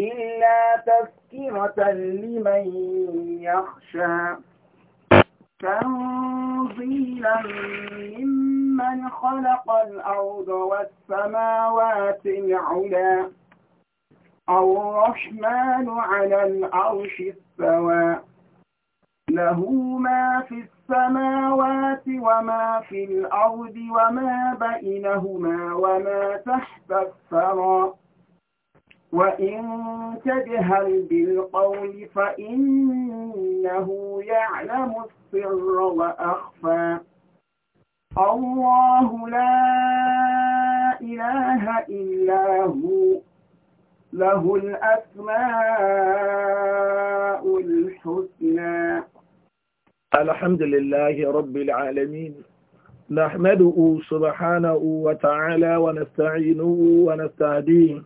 إلا تذكرة لمن يخشى تنظيلا ممن خلق الأرض والسماوات العلا الرحمن على العرش استوى له ما في السماوات وما في الأرض وما بينهما وما تحت الثرى وإن تجهل بالقول فإنه يعلم السر وأخفى الله لا إله إلا هو له الأسماء الحسنى الحمد لله رب العالمين نحمده سبحانه وتعالى ونستعينه ونستهديه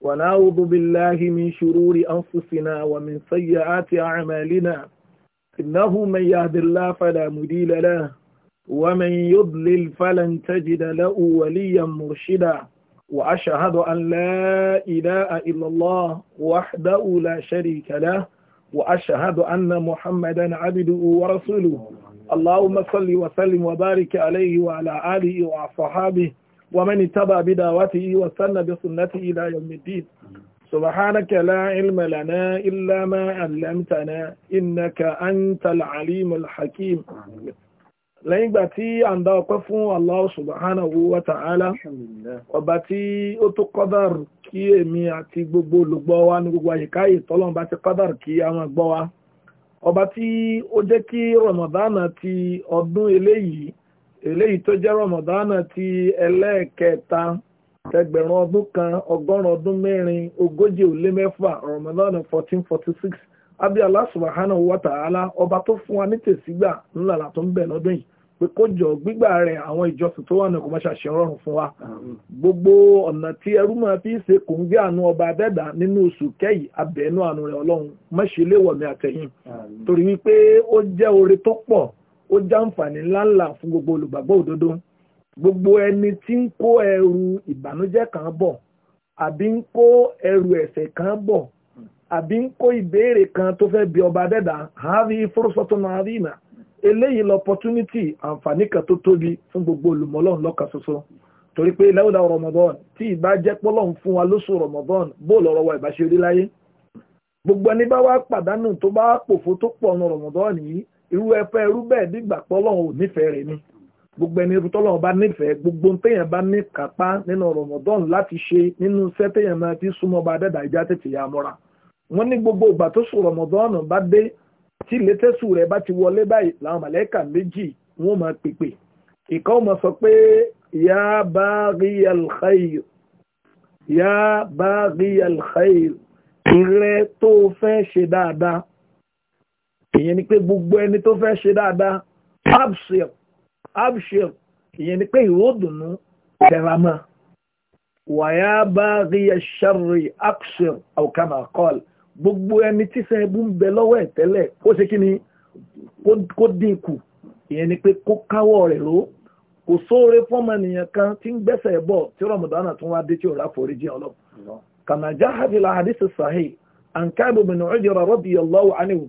ونعوذ بالله من شرور أنفسنا ومن سيئات أعمالنا إنه من يهد الله فلا مديل له ومن يضلل فلن تجد له وليا مرشدا وأشهد أن لا إله إلا الله وحده لا شريك له وأشهد أن محمدا عبده ورسوله اللهم صل وسلم وبارك عليه وعلى آله وصحابه ومن اتبع بدعوته واستنى بسنته إلى يوم الدين سبحانك لا علم لنا إلا ما علمتنا إنك أنت العليم الحكيم lẹ́yìn ìgbà tí a ń dá ọpẹ́ fún Allah subhanahu wa ta'ala ọba tí ó tó kọ́dàrù kí èmi àti gbogbo olùgbọ́ wa ní gbogbo àyíkáyè tọ́lọ́n bá ti kọ́dàrù kí àwọn gbọ́ wa ọba tí ó jẹ́ kí Ramadan ti ọdún eléyìí eléyìí tó jẹ́ rọmọdánà ti ẹlẹ́ẹ̀kẹta tẹgbẹ̀rún ọdún kan ọgọ́rùn ọdún mẹ́rin ogójì ò lé mẹ́fà rọmọdánà fourteen forty six abi Allah subhanahu wa ọba tó fún wa ní tèsígbà ńlá làtó ń bẹ̀ lọ́dún yìí pé kó jọ gbígbà rẹ̀ àwọn ìjọsìn wà ní gbogbo ọ̀nà tí ẹrú máa fi ṣe kò ń gbé àánú ọba abẹ́dà nínú oṣù kẹ́yì àánú rẹ̀ ọlọ́run àtẹ̀yìn torí wípé ó jàǹfààní ńláńlá fún gbogbo olùgbàgbọ́ òdodo gbogbo ẹni tí ń kó ẹrù ìbànújẹ́ kan bọ̀ àbí ń kó ẹrù ẹ̀ṣẹ̀ kan bọ̀ àbí ń kó ìbéèrè kan tó fẹ́ bi ọba dẹ́dà hàbí fúrúsọ́tún náà rí ìnà eléyìí lọ́pọ̀túnítì àǹfààní kan tó tóbi fún gbogbo olùmọ́lọ́run lọ́kàn ṣoṣo torí pé lẹ́wọ̀dà rọmọdọ́n tí ìbá jẹ́ pọ́lọ́n fún wa lóṣù rọmọdọ́n bó lọ́rọ̀ wa ìbá ṣe láyé gbogbo ẹni bá wá pàdánù tó bá pòfo tó pọ̀ ọ̀nà rọmọdọ́n yìí irú ẹfẹ́ irú bẹ́ẹ̀ dìgbà pọ́lọ́hún ò nífẹ̀ẹ́ rẹ̀ ni gbogbo ẹni irú tọ́lọ́hún bá nífẹ̀ẹ́ gbogbo téèyàn bá ní kápá nínú Ramadan láti ṣe nínú iṣẹ́ téèyàn máa fi súnmọ́ bá dẹ́dà ìjà tètè yá mọ́ra wọ́n ní gbogbo ìgbà tó sùn Ramadan bá dé tí létẹ́sù rẹ̀ bá ti wọlé báyìí làwọn màlẹ́kà méjì wọ́n máa pèpè ìkan ya baghiyal khair ya baghiyal khair ìrẹ́ tó ìyẹn ni pé gbogbo ẹni tó fẹ́ ṣe dáadáa abshir abshir ìyẹn ni pé ìró dùnú tẹ̀ramọ́ wàyà bá rí ẹṣẹ́rì abshir àwòkàmà kọ́ọ̀lù gbogbo ẹni tí sẹ́ẹ̀bù ń bẹ lọ́wọ́ ẹ̀ tẹ́lẹ̀ kó ṣe kí ni kó dínkù ìyẹn ni pé kó káwọ́ rẹ̀ ró kò sóore fọ́mọnìyàn kan tí ń gbẹ́sẹ̀ bọ̀ tí rọmọdánà tún wá dé tí òrà foríjì ọlọ́pàá kànájà hajjila hadith sahih an Ka'b bin Ujra radiyallahu anhu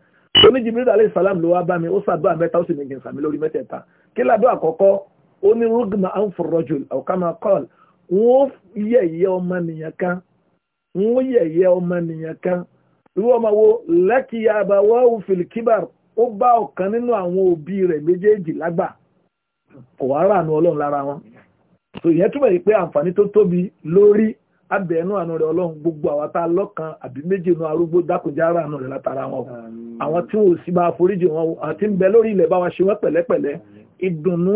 ó ní Jibril alayhi salam ló wá bá mi ó ṣàdúrà mẹ́ta ó sì ní gẹ̀ǹsà mi lórí mẹ́tẹ̀ẹ̀ta kí ládùn àkọ́kọ́ ó ní rúgùnà anfu rajul aw kama qal wọ́n yẹ̀yẹ́ ọmọnìyàn kan wọ́n yẹ̀yẹ́ ọmọnìyàn kan irú ọmọ wo lakiya abawahu fil kibar ó bá ọ̀kan nínú àwọn òbí rẹ̀ méjèèjì lágbà kò wá rà àánú ọlọ́run lára wọn so ìyẹn túmọ̀ yìí pé àǹfààní tó tóbi lórí abẹ́ẹ̀nú àánú rẹ̀ ọlọ́run gbogbo àwa tá a lọ́kan àbí méjì nù arúgbó dákùnjá rà àánú rẹ̀ látara wọn àwọn tí ò sí bá foríjì wọn àti ń bẹ lórí ilẹ̀ bá wa ṣe wọ́n pẹ̀lẹ́pẹ̀lẹ́ ìdùnnú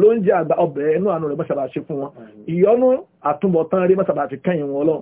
ló ń jẹ́ àgbà ọbẹ̀ ẹnu àánú rẹ̀ mọ́sàbà ṣe fún wọn ìyọnú àtúbọ̀tán rí mọ́sàbà ti kẹ́yìn wọn lọ